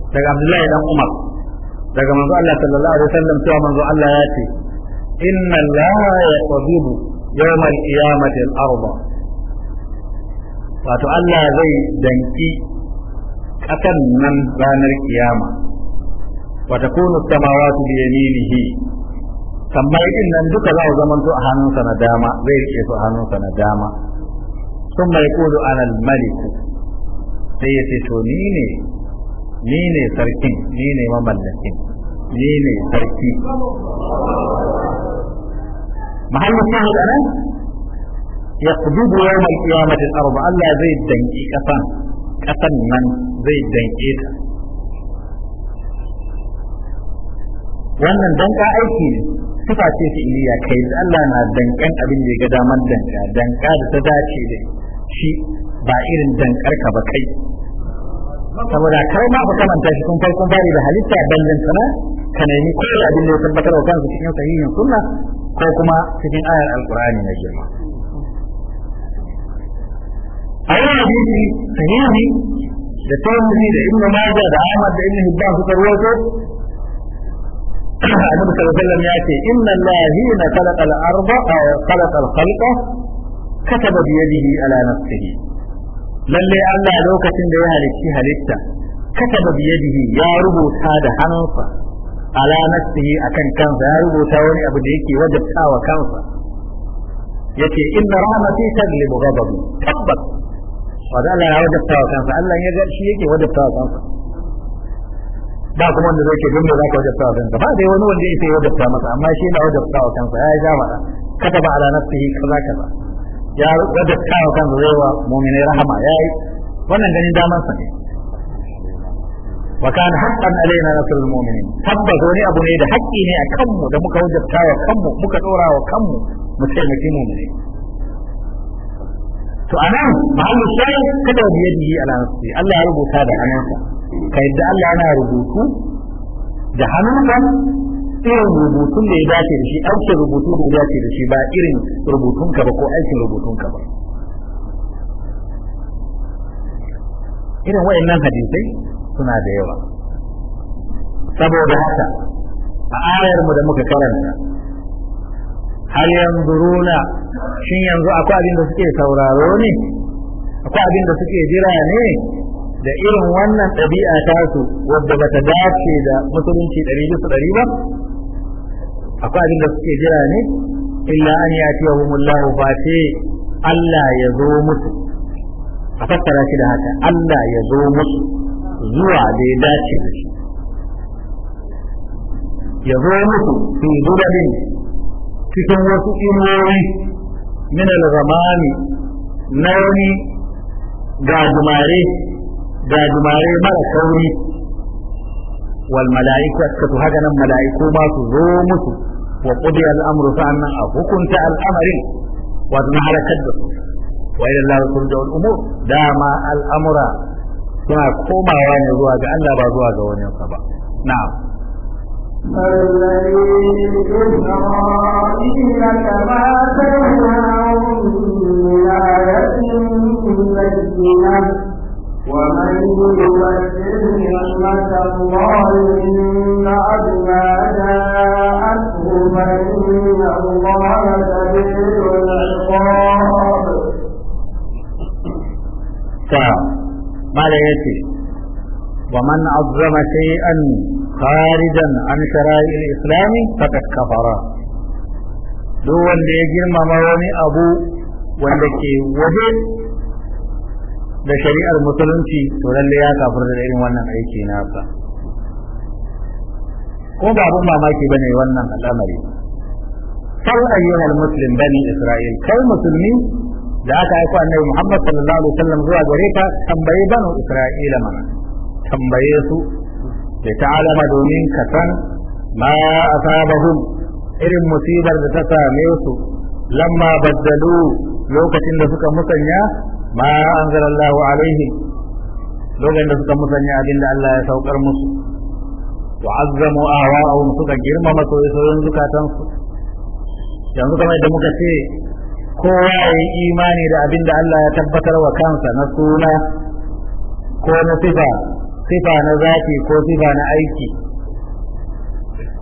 [SPEAKER 1] daga Abdullahi dan Umar daga manzo Allah sallallahu alaihi wasallam cewa manzo Allah ya ce inna la yaqbidu yawm al-qiyamati al-ardh wato Allah zai danki ƙasan nan ranar kiyama wa takunu samawati bi yaminihi kamar din nan duka za su zamanto a hannunsa na dama zai ce su a hannunsa na dama sun mai kudu alal malik sai ya ce to ni ne ni ne sarkin ni ne mamallakin ni ne sarki mahallin shahid nan? yaqbidu mai al-qiyamah al-ardh Allah zai danki kasan kasan nan zai danke ta wannan danka aiki ne sifa ce fi'iliya kai Allah na dankan abin da ya ga damar danka danka da ta dace da shi ba irin dankar ka ba kai saboda kai ma ba kamanta shi kun farkon bari da halitta ballin sana ka nemi kullu abin da ya tabbatar wa kansa cikin sahihin sunna ko kuma cikin ayar alqur'ani na girma a yau hadisi sahihi da tawassul da ibnu majah da ahmad da ibnu hibban suka rawaito النبي صلى الله عليه وسلم يأتي إن الذين خلق الأرض أو خلق الخلق كتب بيده على نفسه lalle Allah lokacin da ya halicci halitta kataba biyadihi ya rubuta da hannunsa ala nafsihi akan kansa ya rubuta wani abu da yake wajabtawa kansa yace inna rahmati taglibu ghadabi tabbas wanda Allah ya wajabta wa kansa Allah ya ga shi yake wajabta wa kansa ba kuma wanda zai ce don me zaka wajabta wa kansa ba dai wani wanda yake wajabta masa amma shi na wajabta wa kansa ya ja mata ba ala nafsihi kaza kaza ya wajabta wa kansa zai wa mu'minai rahama yayi wannan ganin daman sa ne wa kana haqqan alaina nasrul mu'minin tabbas wani abu ne da haƙƙi ne a kanmu da muka wajabta wa kanmu muka dora wa kanmu mu taimaki mu'minai to anan mahallu shayi kada wani yadda yi Allah ya rubuta da hannunsa ka yadda Allah yana rubutu da hannunsa irin rubutun da ya dace da shi aikin rubutu da ya dace da shi ba irin rubutun ka ba ko aikin rubutun ka ba irin wayannan hadisai suna da yawa saboda haka a ayar mu da muka karanta hal yanzuruna shin yanzu akwai abin da suke sauraro ne akwai abin da suke jira ne da irin wannan ɗabi'a ta su wadda bata dace da musulunci ɗari bisa ɗari ba akwai abin da suke jira ne illa an ya wa humullahu ba ce Allah ya zo musu a fassara shi da haka Allah ya zo musu zuwa da ya dace da shi ya zo musu da duradin cikin wasu imori min al-ghamami na wani gajimare gajimare mara kauri wal mala'ika su haka nan mala'iku ma su zo musu wa qudiya al-amru sa'annan a hukunta al-amrin wa halakar da su wa ila Allah turja'ul umur dama al-amra suna komawa ne zuwa ga Allah ba zuwa ga wani ba na'am الذي إسرائيل كما تنهى من آية بينة ومن يبدل نعمة الله من بعد جاءته فإن الله شديد العقاب. ما لا ومن عظم شيئا kharijan an shara'il islami faqad kafara duk wanda ya girmama wani abu wanda ke waje da shari'ar musulunci to lalle ya kafir da irin wannan aiki nasa ko ba abun mamaki bane wannan al'amari far ayyuhal muslim bani isra'il kai musulmi da aka aiko annabi muhammad sallallahu alaihi wasallam zuwa gare ka tambaye banu isra'ila mana tambaye su لتعلم دونين كسن ما أصابهم إرم مصيبة تساميوس لما بدلوا لوكة لسك مسنيا ما أنزل الله عليهم لوكة لسك مسنيا أبين الله يسوق مسو وعظموا آواءهم سك جرم مسوي سوين زكاتنسو yanzu kamar da muka ce kowa ya yi imani da abin da Allah ya tabbatar wa kansa na suna ko na sifa sifa na zafi ko sifa na aiki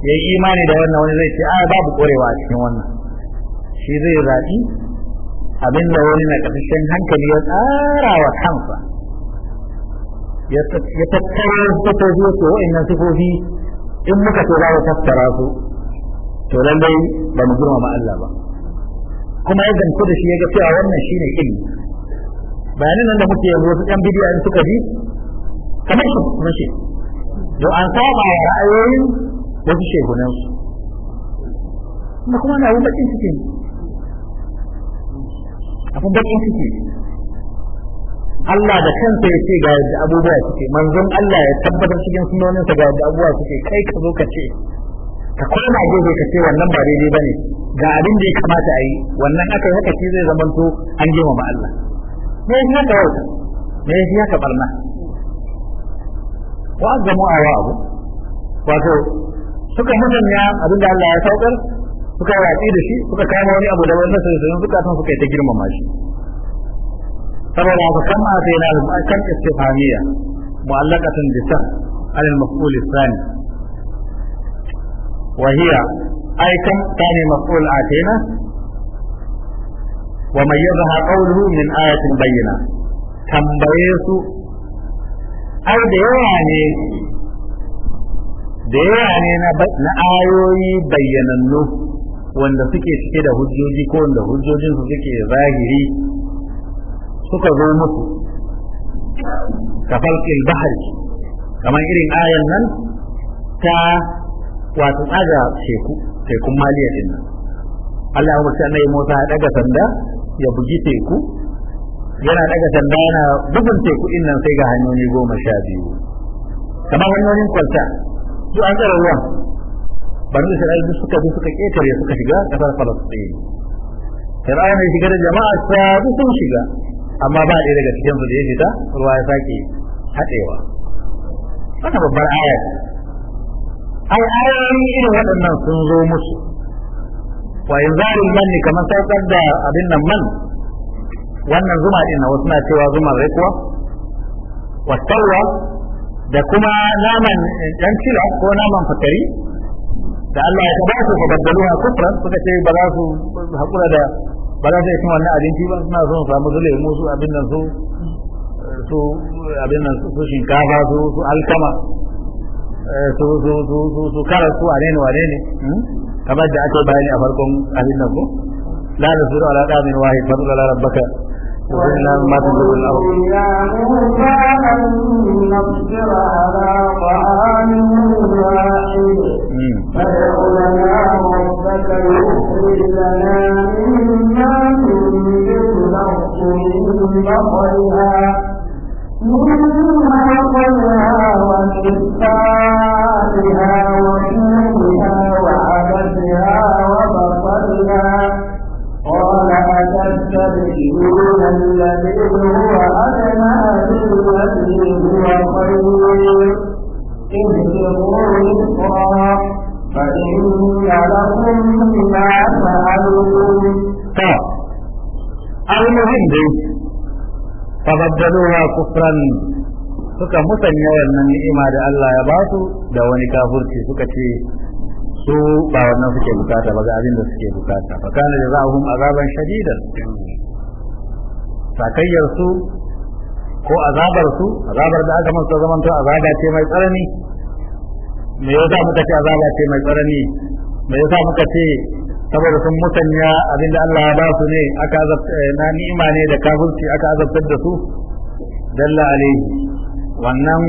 [SPEAKER 1] ya yi imani da wannan wani zai ce a ah, babu korewa a cikin wannan shi zai zaɓi abinda wani na ƙasashen hankali ya tsara wa kansa ya tattara sifofi ya ce wa'annan sifofi in muka ce za mu tattara su to lallai ba mu girmama Allah ba kuma ya zanci da shi ya ga cewa wannan shine ilmi bayanan nan da muke yanzu wasu ɗan bidiyo suka bi kamar su kuma ce to an saba wa ra'ayoyin wasu shegunan su kuma kuma na yin bakin ciki abin bakin ciki Allah da kansa ya ce ga yadda abubuwa suke manzon Allah ya tabbatar cikin sunoninsa ga yadda abubuwa suke kai ka zo ka ce ka koma gefe ka ce wannan ba daidai ba ne ga abin da ya kamata a yi wannan aka yi haka shi zai zamanto an girmama Allah me ya fi haka wauta me ya fi barna وعظموا ahwa'ahum wato suka musanya abinda Allah ya saukar suka watsi da shi suka kama wani abu da wani sai sun suka san suka ta girmama shi saboda haka kan ma sai na kan istifhamiya mu'allaqatan bi sa al maf'ul thani wa hiya ay kan thani maf'ul atina wa mayyadha qawluhu min ayatin bayyina tambaye su Har da yawa ne da yawa ne na ayoyi bayyanannu wanda suke cike da hujjoji ko wanda hujjojin su suke zahiri suka zo musu kafalkil bahari kamar irin ayan nan ta wato tsaga teku tekun maliya din nan Allah ya umarci annabi Musa ya daga sanda ya bugi teku yana daga sanda yana bugun teku din nan sai ga hanyoyi goma sha biyu kamar hanyoyin kwalta su an tsara ruwan bari da shirai duk suka bi suka ketare suka shiga kasar falastin shirai mai shigar da jama'a ta sun shiga amma ba ɗaya daga cikin su da ya fita ruwa ya sake haɗewa wata babbar aya ai ayoyi irin waɗannan sun zo musu wa yanzu man ne kamar saukar da abin nan man wannan zuma din na wasu na cewa zuman rikuwa wattarwa da kuma naman yan cila ko naman fakari da Allah ya ba su fabaddalu a kufran suka ce ba za su haƙura da ba za su yi wannan abinci ba suna son samu su mu su abin nan su su abin nan su shinkafa su su alkama su su su su su karas su a ne wa ne kamar da ake bayani a farkon abin nan ko la nasiru ala qamin wahid fadla rabbaka وإلى ما تدعو الأرض يا موسى أن نصبر على طعام واحد فادع لنا ربك يخرج لنا مما تنبت الأرض من بقرها منها قلها وكفائها وكيلها وعدسها تستبدلون الذي هو أدنى بالذي هو خير اهدروا رزقا فإن لكم ما سألتم المهم دي فبدلوها كفرا suka musanya wannan ni'ima da Allah ya basu da wani kafirci suka ce su ba wannan suke bukata ba ga abin da suke bukata fa kana da za'ahum azaban shadidan sakayyar su ko azabar su azabar da aka masa to azaba ce mai tsarani me yasa muka ce azaba ce mai tsarani me yasa muka ce saboda sun musanya abinda Allah ya ba su ne aka eh, na ni'ima ne da kafirci aka azabtar da su dalla alaihi wannan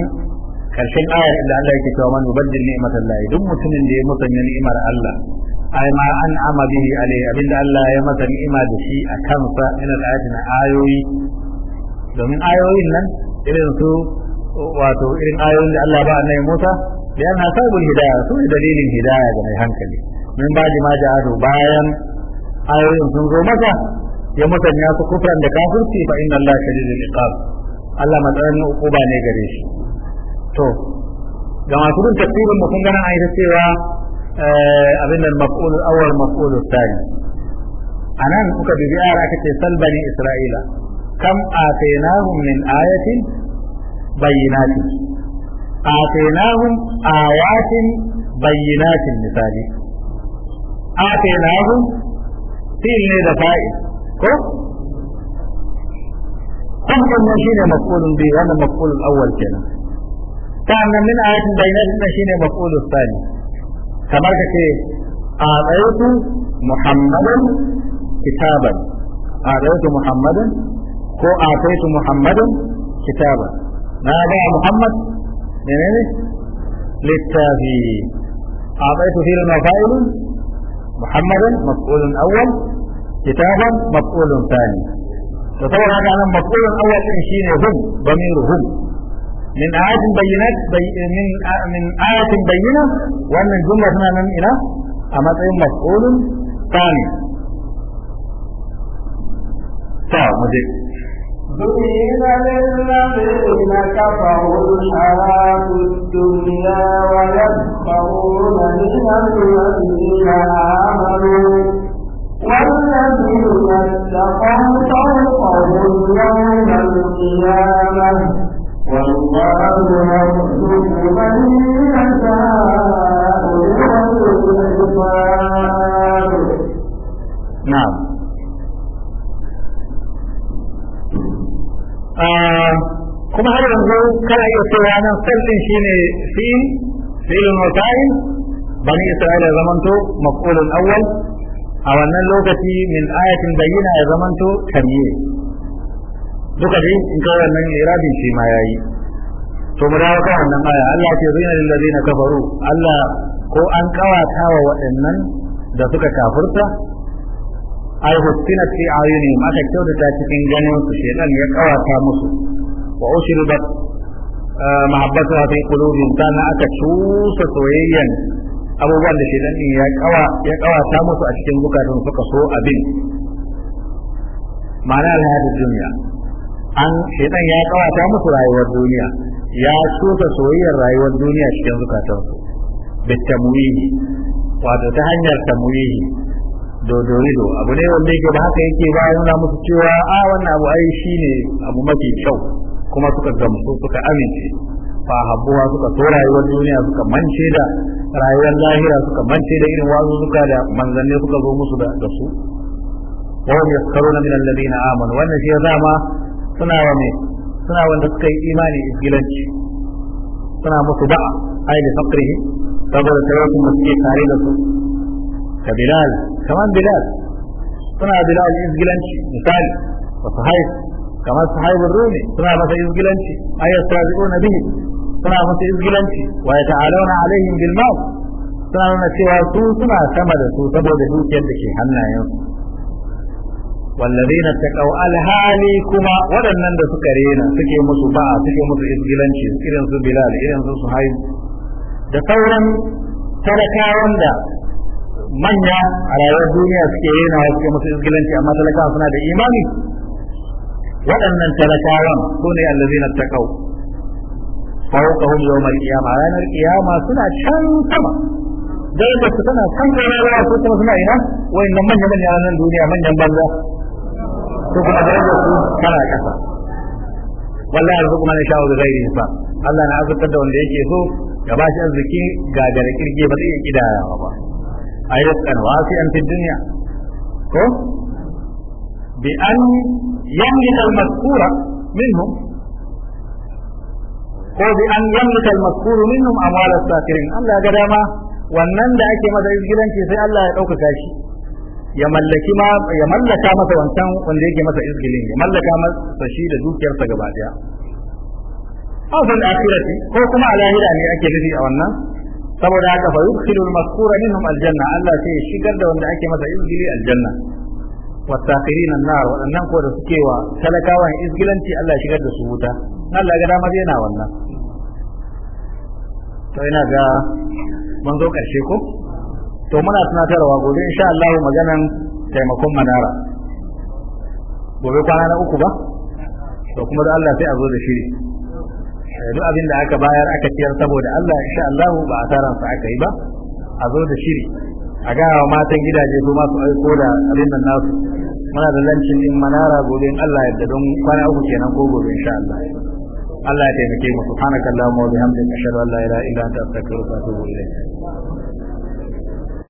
[SPEAKER 1] karshen ayar inda Allah yake cewa man yubaddil ni'matal lahi duk mutumin da ya musanya ni'imar Allah ai ma an ama bihi ale, abinda Allah ya masa ni'ima da shi a kansa ina da ayatin ayoyi domin ayoyin nan irin su wato irin ayoyin da Allah ba annabi Musa da yana sabon hidaya su ne dalilin hidaya ga mai hankali min ba ma da ado bayan ayoyin sun zo masa ya musanya su kufran da kafirci fa inna Allah shadidul iqab Allah matsayin hukuma ne gare shi to ga masu bin tafsirin mu kun gana a ita cewa abin nan maf'ulul awwal maf'ulul thani anan kuka bibi ayar aka ce sal bani isra'ila kam atainahum min ayatin bayyinatin atainahum ayatin bayyinatin misali atainahum fil ne da fa'il ko kuma wannan shine maf'ulun bi wannan maf'ulul awwal kenan sa'annan min ayatin bayyana din shine maf'ul sani kamar ka ce a'aytu muhammadan kitaban a'aytu muhammadan ko a'aytu muhammadan kitaban na ga muhammad menene littafi a'aytu fil mafa'il محمدا مفعول اول كتابا مفعول ثاني فطبعا هذا مفعول اول شيء هم ضمير هم من آيات بينات بي من من آية بينة وأن الجملة هنا من إلى أما تقول مفعول ثاني طيب مجيب زين للذين كفروا الحياة الدنيا ويسخرون من الذين آمنوا والذين اتقوا فوقهم يوم القيامة والله يرزق من يشاء بغير نعم kuma har yanzu kana iya cewa nan sarfin shi ne fi filin wasa'i bani isra'ila ya zamanto maf'ulun awwal a wannan lokaci min ayatin bayyana ya zamanto kamiye duka dai in ka wannan irabin shi ma yayi to mu dawo kan wannan aya Allah ce zina lil ladina kafaru Allah ko an kawata wa waɗannan da suka kafirta ai husina fi ayuni aka kyautata cikin ganin su shedan ya kawata musu wa ushribat eh, mahabbatu fi qulubihim kana aka cusa soyayyan abubuwan da shedan din ya kawa ya kawata musu a cikin bukatun suka so abin ma'ana al-hayatid dunya an shaitan ya kawata musu rayuwar duniya ya shuka soyayyar rayuwar duniya cikin zukatansu bitamwihi wato ta hanyar tamwihi dodorido abu ne wanda yake da haka yake ba nuna musu cewa a wannan abu ai ne abu mafi kyau kuma suka gamsu suka amince fa Habuwa suka so rayuwar duniya suka mance da rayuwar lahira suka mance da irin wazo suka da manzanni suka zo musu da su wa hum yaskaruna min alladhina amanu wannan shi zama suna wa me suna wanda suka yi imani isgilanci suna musu da'a ai da fakrihim saboda talautin da suke tare da su ka bilal kamar bilal suna bilal isgilanci misali wa sahayb kamar sahayb rumi suna masa isgilanci ay yastazi'una bihi suna masa isgilanci wa yata'alawna alaihim bil ma'ruf suna nuna cewa su suna sama da su saboda dukiyar da ke hannayensu wallazina taqaw alhali kuma waɗannan da suka rena suke musu ba suke musu isgilanci irin su bilal irin su suhaib da sauran talakawan da manya a rayuwar duniya suke rena suke musu isgilanci amma talakawa suna da imani waɗannan talakawan su ne allazina taqaw fawqahum yawmal qiyama ranar qiyama suna can sama dai su tana kan rayuwa ko kuma suna ina wayannan manyan manyan ranar duniya manyan banza
[SPEAKER 2] su kuma darajar su
[SPEAKER 1] tana kasa wallahi arzuku man sha'u da ghairi fa. Allah na azurtar da wanda yake so ya bashi arziki ga da kirge ba zai kidayawa ba ayyukan wasi'an fid dunya ko bi an yamlika al-mazkura minhum ko bi an yamlika al-mazkur minhum amwal as-sakirin Allah ga dama wannan da ake masa izgilanci sai Allah ya dauka shi ya mallaki ma ya mallaka masa wancan wanda yake masa izgilin ya mallaka masa shi da dukiyarsa gaba daya aw fil akhirati ko kuma a lahira ne ake nufi a wannan saboda haka fa yudkhilul mazkura minhum aljanna Allah sai ya shigar da wanda ake masa izgili aljanna wasafirin annar waɗannan ko da suke wa talakawan izgilanci Allah ya shigar da su wuta Allah ga dama yana wannan to ina ga mun zo ƙarshe ko to muna tunatarwa gobe insha Allah maganan taimakon manara gobe kwana na uku ba to kuma da Allah sai a zo da shiri eh, duk abin da aka bayar aka ciyar saboda Allah insha Allah ba a tara su aka yi ba a zo da shiri a gaya wa matan gidaje su masu aiko da abin nan nasu muna da lancin din manara gobe in Allah yadda don kwana uku kenan ko gobe insha Allah Allah ya taimake mu subhanakallahumma wa bihamdika ashhadu an la ilaha illa anta astaghfiruka wa atubu ilayk